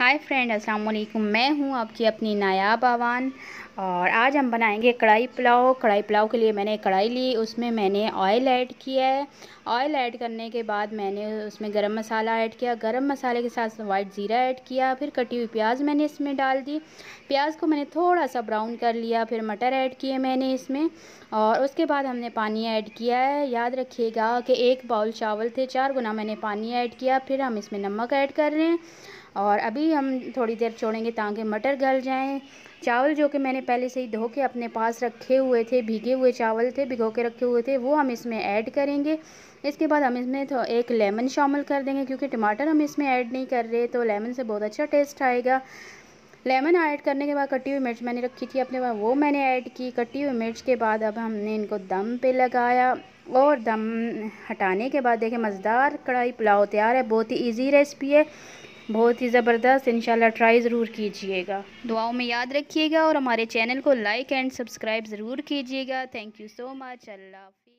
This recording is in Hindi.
हाय फ्रेंड अस्सलाम वालेकुम मैं हूँ आपकी अपनी नायाब आवान और आज हम बनाएंगे कढ़ाई पुलाव कढ़ाई पुलाव के लिए मैंने कढ़ाई ली उसमें मैंने ऑयल ऐड किया है ऑयल ऐड करने के बाद मैंने उसमें गरम मसाला ऐड किया गरम मसाले के साथ वाइट ज़ीरा ऐड किया फिर कटी हुई प्याज मैंने इसमें डाल दी प्याज को मैंने थोड़ा सा ब्राउन कर लिया फिर मटर ऐड किए मैंने इसमें और उसके बाद हमने पानी ऐड किया है याद रखिएगा कि एक बाउल चावल थे चार गुना मैंने पानी ऐड किया फिर हम इसमें नमक ऐड कर रहे हैं और अभी ही हम थोड़ी देर छोड़ेंगे ताकि मटर गल जाएँ चावल जो कि मैंने पहले से ही धो के अपने पास रखे हुए थे भीगे हुए चावल थे भिगो के रखे हुए थे वो हम इसमें ऐड करेंगे इसके बाद हम इसमें तो एक लेमन शामिल कर देंगे क्योंकि टमाटर हम इसमें ऐड नहीं कर रहे तो लेमन से बहुत अच्छा टेस्ट आएगा लेमन ऐड करने के बाद कटी हुई मिर्च मैंने रखी थी अपने पास वो मैंने ऐड की कटी हुई मिर्च के बाद अब हमने इनको दम पे लगाया और दम हटाने के बाद देखें मज़ेदार कढ़ाई पुलाव तैयार है बहुत ही इजी रेसिपी है बहुत ही ज़बरदस्त इन ट्राई ज़रूर कीजिएगा दुआओं में याद रखिएगा और हमारे चैनल को लाइक एंड सब्सक्राइब ज़रूर कीजिएगा thank you so much Allah